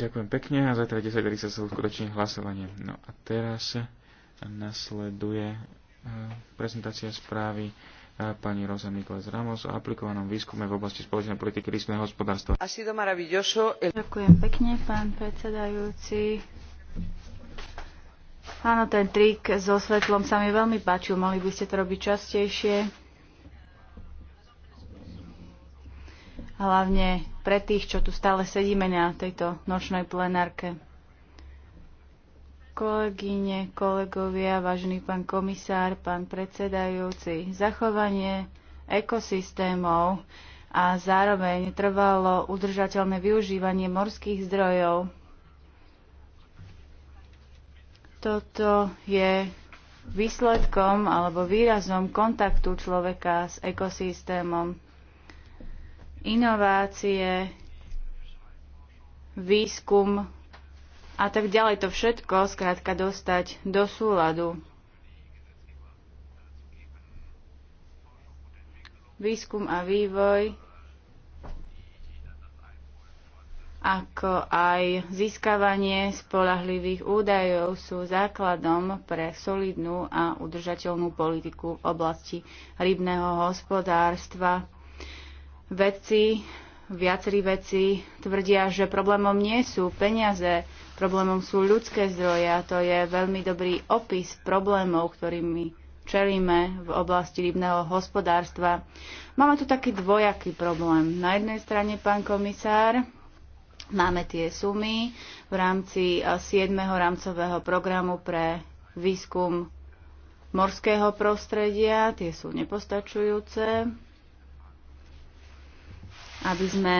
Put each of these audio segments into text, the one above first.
Ďakujem pekne a zajtra 10. sa uskutoční hlasovanie. No a teraz nasleduje e, prezentácia správy e, pani Rosa Nikolás Ramos o aplikovanom výskume v oblasti spoločnej politiky rýsneho hospodárstva. Ďakujem pekne, pán predsedajúci. Áno, ten trik so svetlom sa mi veľmi páčil. Mali by ste to robiť častejšie. hlavne pre tých, čo tu stále sedíme na tejto nočnej plenárke. Kolegyne, kolegovia, vážený pán komisár, pán predsedajúci, zachovanie ekosystémov a zároveň trvalo udržateľné využívanie morských zdrojov. Toto je výsledkom alebo výrazom kontaktu človeka s ekosystémom inovácie, výskum a tak ďalej. To všetko skrátka dostať do súladu. Výskum a vývoj ako aj získavanie spolahlivých údajov sú základom pre solidnú a udržateľnú politiku v oblasti rybného hospodárstva vedci, viacerí vedci tvrdia, že problémom nie sú peniaze, problémom sú ľudské zdroje a to je veľmi dobrý opis problémov, ktorými čelíme v oblasti rybného hospodárstva. Máme tu taký dvojaký problém. Na jednej strane, pán komisár, máme tie sumy v rámci 7. Eh, rámcového programu pre výskum morského prostredia. Tie sú nepostačujúce aby sme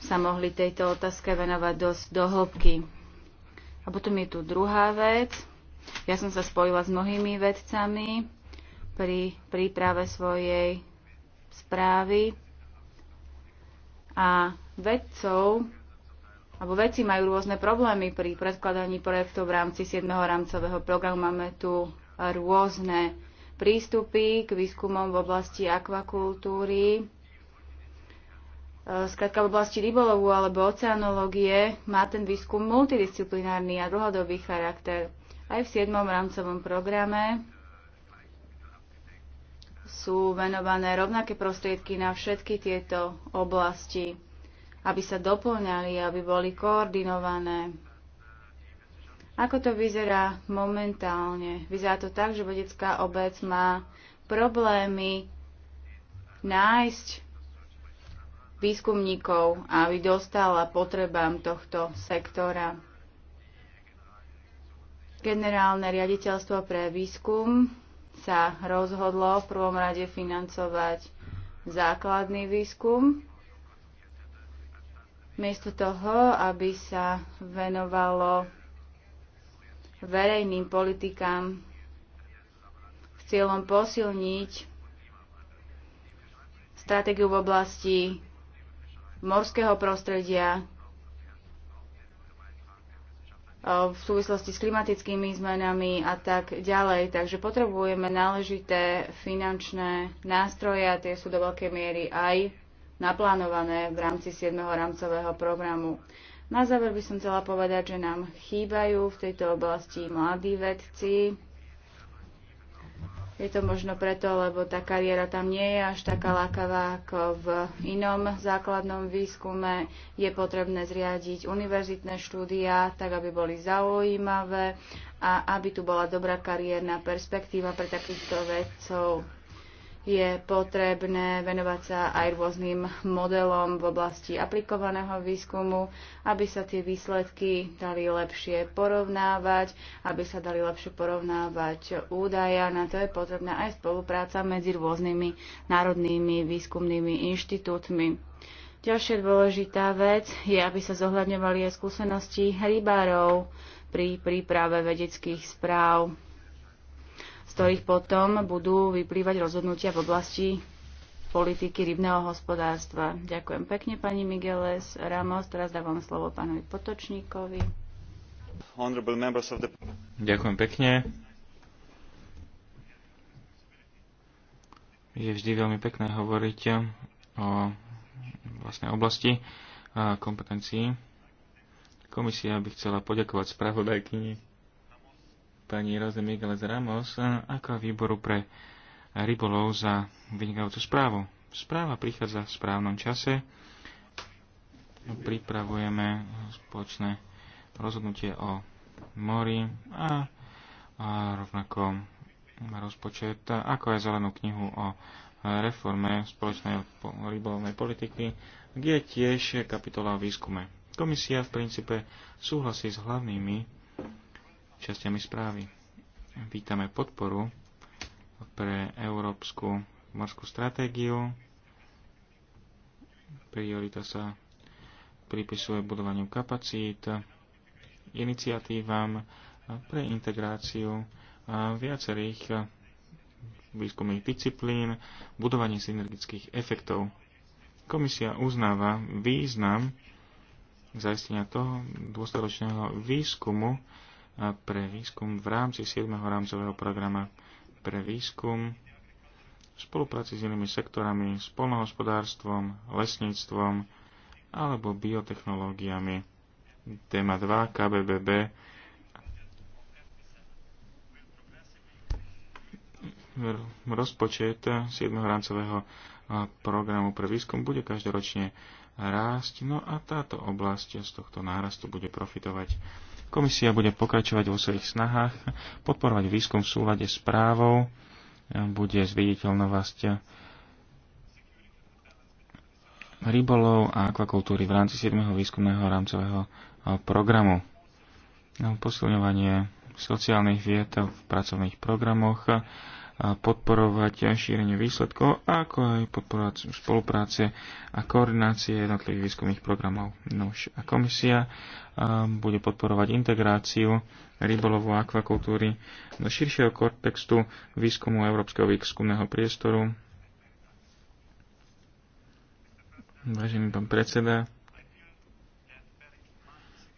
sa mohli tejto otázke venovať dosť do hĺbky. A potom je tu druhá vec. Ja som sa spojila s mnohými vedcami pri príprave svojej správy a vedcov alebo vedci majú rôzne problémy pri predkladaní projektov v rámci 7. rámcového programu. Máme tu rôzne prístupy k výskumom v oblasti akvakultúry Eh, skrátka v oblasti rybolovu alebo oceanológie má ten výskum multidisciplinárny a dlhodobý charakter. Aj v 7. rámcovom programe sú venované rovnaké prostriedky na všetky tieto oblasti, aby sa doplňali, aby boli koordinované. Ako to vyzerá momentálne? Vyzerá to tak, že vedecká obec má problémy nájsť výskumníkov, aby dostala potrebám tohto sektora. Generálne riaditeľstvo pre výskum sa rozhodlo v prvom rade financovať základný výskum, miesto toho, aby sa venovalo verejným politikám s cieľom posilniť stratégiu v oblasti morského prostredia, e, v súvislosti s klimatickými zmenami a tak ďalej. Takže potrebujeme náležité finančné nástroje a tie sú do veľkej miery aj naplánované v rámci 7. rámcového programu. Na záver by som chcela povedať, že nám chýbajú v tejto oblasti mladí vedci, je to možno preto, lebo tá kariéra tam nie je až taká lákavá ako v inom základnom výskume. Je potrebné zriadiť univerzitné štúdia, tak aby boli zaujímavé a aby tu bola dobrá kariérna perspektíva pre takýchto vedcov je potrebné venovať sa aj rôznym modelom v oblasti aplikovaného výskumu, aby sa tie výsledky dali lepšie porovnávať, aby sa dali lepšie porovnávať údaja. Na to je potrebná aj spolupráca medzi rôznymi národnými výskumnými inštitútmi. Ďalšia dôležitá vec je, aby sa zohľadňovali aj skúsenosti rybárov pri príprave vedeckých správ ktorých potom budú vyplývať rozhodnutia v oblasti politiky rybného hospodárstva. Ďakujem pekne pani Migueles Ramos. Teraz dávam slovo pánovi Potočníkovi. Ďakujem pekne. Je vždy veľmi pekné hovoriť o vlastnej oblasti kompetencií. Komisia by chcela poďakovať spravodajkyni pani Rosa z Ramos eh, ako výboru pre rybolov za vynikajúcu správu. Správa prichádza v správnom čase. Pripravujeme spoločné rozhodnutie o mori a, a rovnako rozpočet, ako aj zelenú knihu o reforme spoločnej rybolovnej politiky, kde je tiež kapitola o výskume. Komisia v princípe súhlasí s hlavnými Časťami správy. Vítame podporu pre európsku morskú stratégiu. Priorita sa pripisuje budovaniu kapacít, iniciatívam pre integráciu viacerých výskumných disciplín, budovanie synergických efektov. Komisia uznáva význam zaistenia toho dôstatočného výskumu pre výskum v rámci 7. rámcového programa pre výskum v spolupráci s inými sektorami, spolnohospodárstvom, lesníctvom alebo biotechnológiami. Téma 2 KBBB rozpočet 7. rámcového programu pre výskum bude každoročne rásť, no a táto oblasť z tohto nárastu bude profitovať. Komisia bude pokračovať vo svojich snahách, podporovať výskum v súlade s právou, bude zviditeľnovať rybolov a akvakultúry v rámci 7. výskumného rámcového eh, programu. Posilňovanie sociálnych vied v pracovných programoch podporovať šírenie výsledkov, ako aj podporovať spolupráce a koordinácie jednotlivých výskumných programov. Nož a komisia bude podporovať integráciu rybolovu akvakultúry do širšieho kontextu výskumu Európskeho výskumného priestoru. Vážený pán predseda,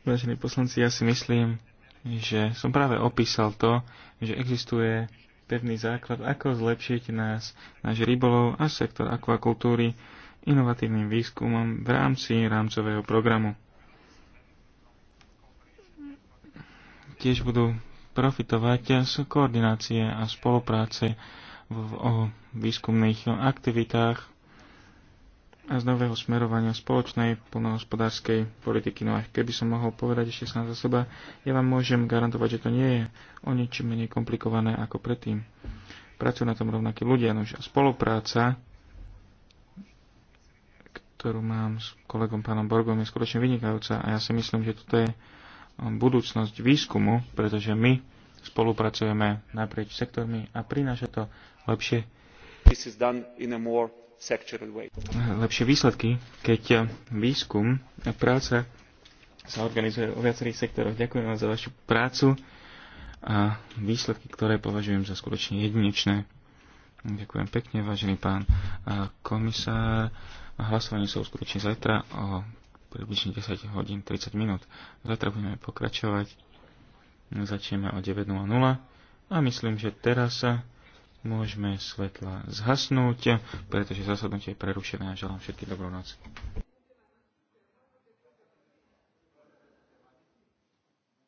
vážení poslanci, ja si myslím, že som práve opísal to, že existuje pevný základ, ako zlepšiť nás, náš rybolov a sektor akvakultúry inovatívnym výskumom v rámci rámcového programu. Tiež budú profitovať z koordinácie a spolupráce v, o výskumných aktivitách a z nového smerovania spoločnej plnohospodárskej politiky. No a keby som mohol povedať ešte sám za seba, ja vám môžem garantovať, že to nie je o ničím menej komplikované ako predtým. Pracujú na tom rovnakí ľudia, nož a spolupráca, ktorú mám s kolegom pánom Borgom, je skutočne vynikajúca a ja si myslím, že toto je budúcnosť výskumu, pretože my spolupracujeme naprieč sektormi a prináša to lepšie. This is done in a more Lepšie výsledky, keď výskum a práca sa organizuje o viacerých sektoroch. Ďakujem vám za vašu prácu a výsledky, ktoré považujem za skutočne jedinečné. Ďakujem pekne, vážený pán komisár. Hlasovanie sa uskutoční zajtra o približne 10 hodín 30 minút. Zajtra budeme pokračovať. Začneme o 9.00 a myslím, že teraz sa môžeme svetla zhasnúť, pretože zasadnutie je prerušené a želám všetky dobrú noc.